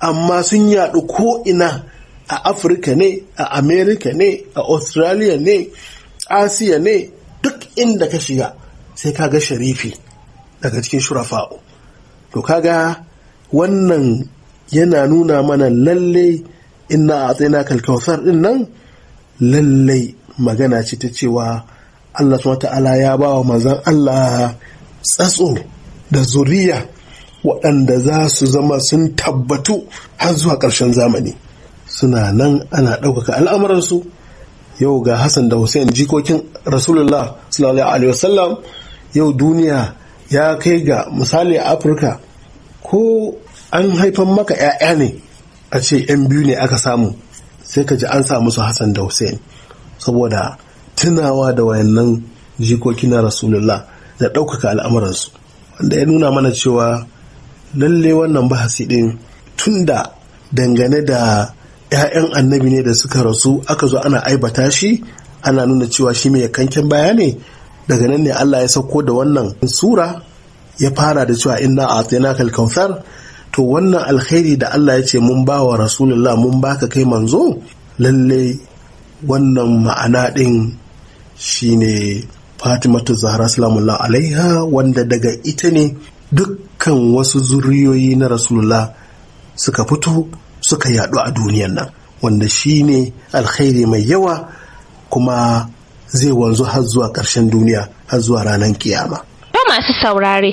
amma sun yaɗu ko ina a afirka ne a amerika ne a australia ne asiya ne duk inda ka shiga sai ka ga sharifi daga cikin shurafa'u to kaga wannan yana nuna mana lalle ina a tsina kalkausar din nan lalle magana ce ta cewa Allah su ta'ala ya ba wa Allah tsatso da zuriya waɗanda za su zama sun tabbatu har zuwa ƙarshen zamani suna nan ana ɗaukaka al'amuransu yau ga Hassan da Hussein jikokin Rasulullah sallallahu alaihi wasallam yau duniya ya kai ga misali a Afirka ko an haifan maka 'ya'ya ne a ce 'yan biyu ne aka samu sai ka ji an samu su Hassan da Hussein saboda tunawa da wayannan jikoki na Rasulullah da ɗaukaka al'amuransu wanda ya nuna mana cewa lalle wannan bahasi ɗin tunda dangane da 'ya'yan annabi ne da suka rasu aka zo ana aibata shi ana nuna cewa shi mai kanken baya ne daga nan ne Allah ya sauko da wannan sura ya fara da cewa inna a'tainaka al kalkautar to wannan alkhairi da Allah ya ce mun ba wa rasulullah mun baka kai manzo lalle wannan ma'ana din shine Fatimatu Zahra salamullah alaiha wanda daga ita ne dukkan wasu zuriyoyi na rasulullah suka fito suka yaɗu a duniyar nan wanda shi ne alkhairi mai yawa kuma zai wanzu har zuwa ƙarshen duniya har zuwa ranar kiyama. To masu saurare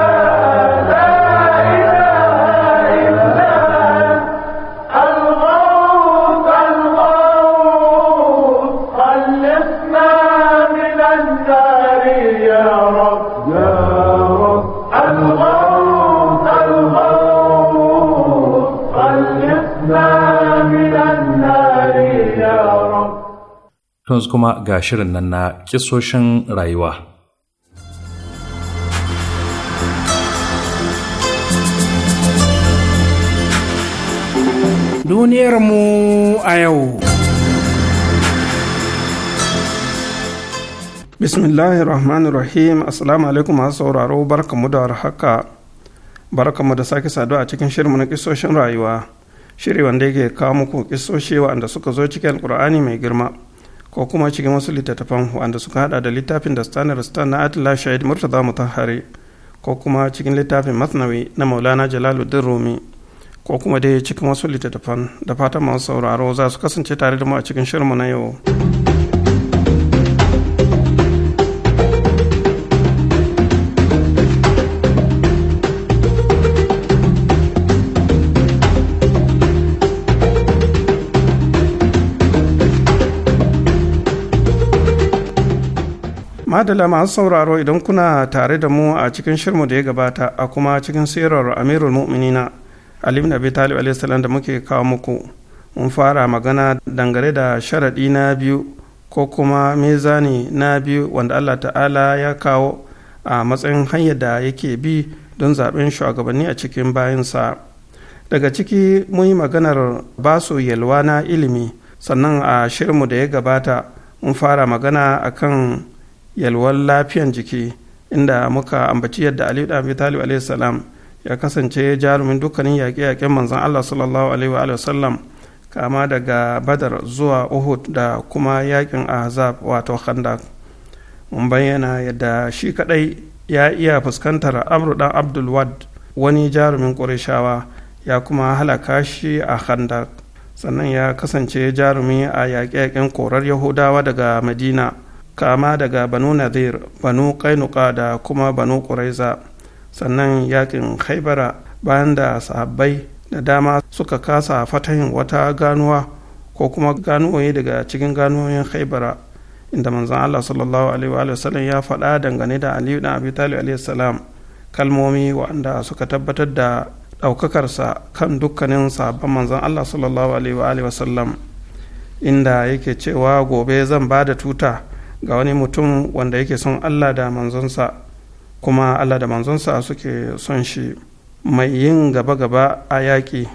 yanzu kuma ga shirin nan na kisoshin rayuwa. Duniyarmu a yau. Bismillahir Rahmanir Rahim, Assalamu alaikum masu sauraro barkamu da warhaka. Barkamu da sake saduwa a cikin shirinmu na kisoshin rayuwa. Shiri wanda yake kawo muku kisoshi wa'anda suka zo cikin Alkur'ani mai girma. ko kuma cikin wasu littattafan wanda suka hada da littafin da stanar stan na atila shahid murtaza mutahari ko kuma cikin littafin masnawi na maulana jalaluddin rumi ko kuma dai cikin wasu littattafan da fatan masu sauraro za su kasance tare da mu a cikin shirinmu na yau. madala masu sauraro idan kuna tare da mu a cikin shirmu da ya gabata a kuma cikin sirar amirul mu'minina ali ibn abi talib da muke kawo muku mun fara magana dangane da sharaɗi na biyu ko kuma mezani na biyu wanda allah ta'ala ya kawo a matsayin hanyar da yake bi don zaɓen shugabanni a cikin bayansa daga ciki mun yi maganar basu yalwa na ilimi sannan a shirmu da ya gabata mun fara magana akan yalwar lafiyan jiki inda muka ambaci yadda aliyu da abi talib alayhi salam ya kasance jarumin dukkanin yaƙe-yaƙen manzon allah sallallahu alaihi wa sallam kama daga badar zuwa uhud da kuma yaƙin azab wato khandak mun bayyana yadda shi kaɗai ya iya fuskantar amru dan Wad wani jarumin ƙurishawa ya kuma halaka shi a khandak sannan ya kasance jarumi a yaƙe-yaƙen korar yahudawa daga madina kama daga banu nadir banu kainuka da kuma banu ƙuraiza sannan yakin haibara bayan da sahabbai da dama suka kasa fatahin wata ganuwa ko kuma ganuwoyi daga cikin ganuwoyin haibara inda manzan allah sallallahu alaihi wa sallam ya faɗa dangane da aliyu da abi talib alaihi salam kalmomi waɗanda suka tabbatar da ɗaukakarsa kan dukkanin sabon manzan allah sallallahu alaihi wa sallam inda yake cewa gobe zan ba da tuta ga wani mutum wanda yake son allah da manzonsa kuma allah da manzonsa suke son shi mai yin gaba-gaba a yaƙi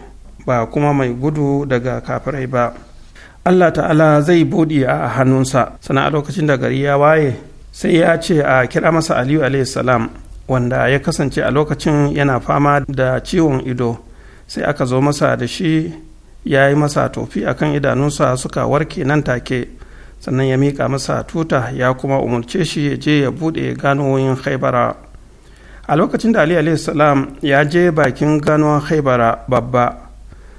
ba kuma mai gudu daga kafirai ba allah ta'ala zai buɗe a hannunsa sana a lokacin da gari ya waye sai ya ce a kira masa aliyu salam wanda ya kasance a lokacin yana fama da ciwon ido sai aka zo masa da shi ya yi masa tofi akan idanunsa suka warke nan take sannan ya mika masa tuta ya kuma umarce shi ya je ya buɗe ganowoyin haibara a lokacin da aliyu salam ya je bakin ganowar haibara babba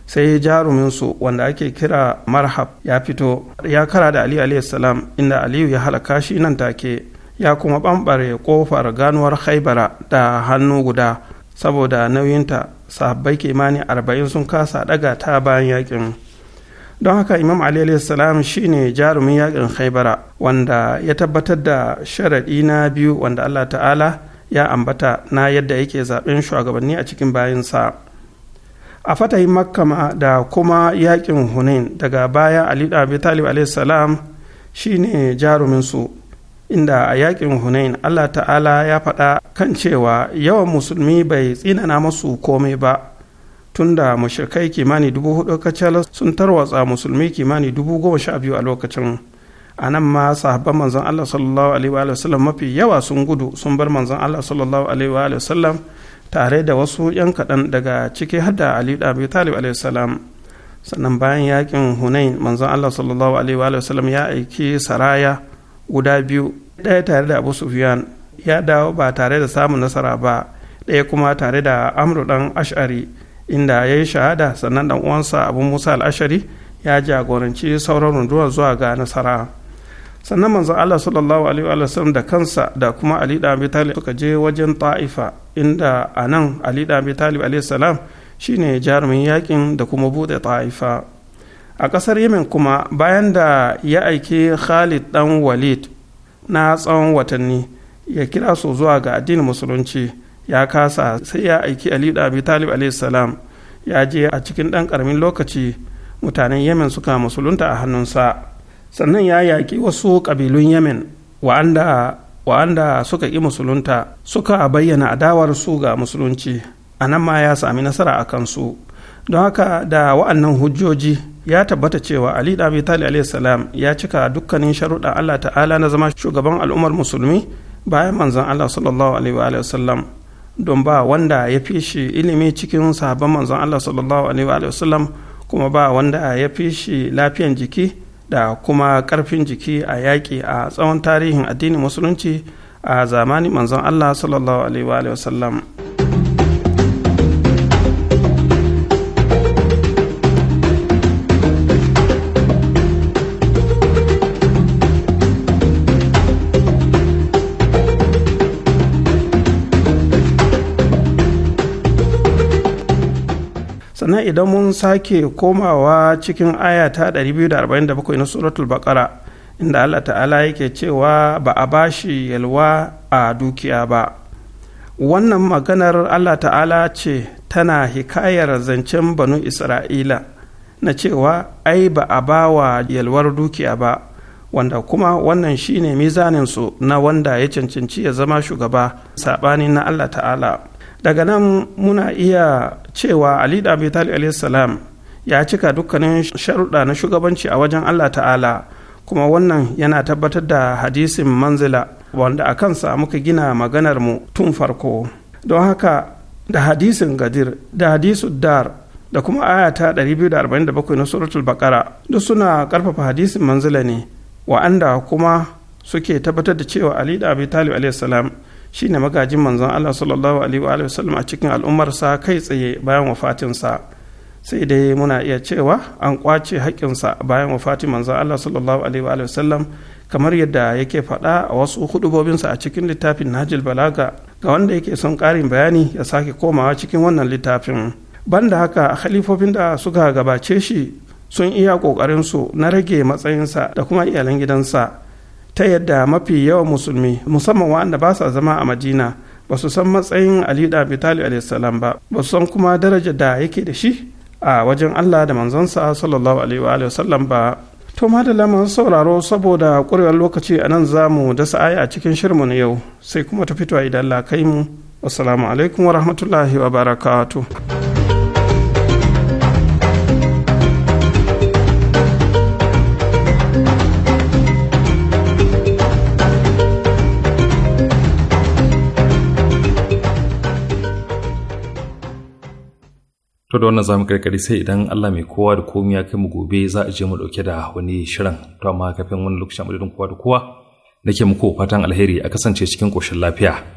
sai jarumin su wanda ake kira marhab ya fito ya kara da aliyu salam inda aliyu ya halaka shi nan take ya kuma bambare kofar ganuwar haibara da hannu guda saboda nauyinta sahabbai kimanin arba'in sun kasa daga ta bayan yakin don haka imam ali salam shi ne jarumin yaƙin haibara wanda ya tabbatar da sharaɗi na biyu wanda allah ta'ala ya ambata na yadda yake zaɓen shugabanni a cikin bayansa a fatahin makama da kuma yaƙin hunain daga baya ali da abi talib salam shine jarumin su inda a yaƙin hunain allah ta'ala ya faɗa kan cewa yawan musulmi bai tsinana masu komai ba tunda mashirkai kimani dubu hudu kacal sun tarwatsa musulmi kimani dubu goma sha biyu a lokacin a nan ma sahabban manzon Allah sallallahu alaihi wa sallam mafi yawa sun gudu sun bar manzon Allah sallallahu alaihi wa sallam tare da wasu yan kaɗan daga ciki har da Ali da abu Talib alaihi salam sannan bayan yakin Hunain manzon Allah sallallahu alaihi wa sallam ya aiki saraya guda biyu ɗaya tare da Abu Sufyan ya dawo ba tare da samun nasara ba ɗaya kuma tare da Amru ɗan Ash'ari inda ya yi shahada sannan dan uwansa abu musa al'ashari ya jagoranci sauran runduwar zuwa ga nasara sannan manzo Allah sallallahu alaihi wa sallam da kansa da kuma Ali da Abi Talib suka je wajen Ta'ifa inda anan Ali da Abi Talib alaihi salam shine jarumin yakin da kuma bude Ta'ifa a kasar Yemen kuma bayan da ya aiki Khalid dan Walid na tsawon watanni ya kira su zuwa ga addinin musulunci ya kasa sai ya aiki ali da abi talib alaihissalam ya je a cikin ɗan ƙaramin lokaci mutanen yemen suka musulunta a hannunsa sannan ya yaƙi wasu ƙabilun yemen wa'anda wa'anda suka ƙi musulunta suka bayyana adawar su ga musulunci a nan ma ya sami nasara a kansu don haka da wa'annan hujjoji ya tabbata cewa ali da abi talib salam ya cika dukkanin sharuɗa allah ta'ala na zama shugaban al'ummar musulmi bayan manzon allah sallallahu alaihi wa sallam don ba wanda ya fi shi ilimi cikin sabon manzon Allah sallallahu alaihi wasallam kuma ba wanda ya fi shi lafiyan jiki da kuma karfin jiki a yaƙi a tsawon tarihin addinin musulunci a zamani manzon Allah sallallahu alaihi wa wasallam. sannan idan mun sake komawa cikin aya ta 247 na suratul bakara inda Allah ta'ala yake cewa ba a bashi yalwa a dukiya ba wannan maganar Allah ta'ala ce tana hikayar zancen banu isra'ila na cewa ai ba a bawa yalwar dukiya ba wanda kuma wannan shine mizaninsu na wanda ya cancanci ya zama shugaba saɓani na Allah ta'ala daga nan muna iya cewa ali da abi salam ya cika dukkanin sharuɗa na shugabanci a wajen allah ta'ala kuma wannan yana tabbatar da hadisin manzila wanda a kansa muka gina maganar mu tun farko don haka da hadisin gadir da hadisu dar da kuma aya ta 247 na suratul bakara duk suna karfafa hadisin manzila ne wa'anda kuma suke tabbatar da cewa ali da abi alayhi salam shine magajin manzon Allah sallallahu alaihi wa sallam a cikin al'ummarsa kai tsaye bayan wafatinsa sai dai muna iya cewa an kwace haƙƙinsa bayan wafatin manzon Allah sallallahu alaihi wa sallam kamar yadda yake faɗa a wasu hudubobinsa a cikin littafin Najil Balaga ga wanda yake son ƙarin bayani ya sake komawa cikin wannan littafin banda haka khalifofin da suka gabace shi sun iya ƙoƙarinsu na rage matsayinsa da kuma iyalan gidansa ta yadda mafi yawan musulmi musamman waɗanda ba sa zama a madina ba su san matsayin ali da bitali alaihissalam ba ba su san kuma daraja da yake da shi a wajen allah da manzansa sallallahu alaihi wa sallam ba to da lamun sauraro saboda ƙurewar lokaci a nan za mu dasa aya a cikin shirinmu na yau sai kuma ta fito idan la kai mu wassalamu alaikum wa rahmatullahi wa barakatuh To da wannan zamu karkare sai idan Allah mai kowa da komai ya kai mu gobe za a je mu dauke da wani shirin to amma kafin wani lokacin mu kowa da kowa nake muku fatan alheri a kasance cikin koshin lafiya.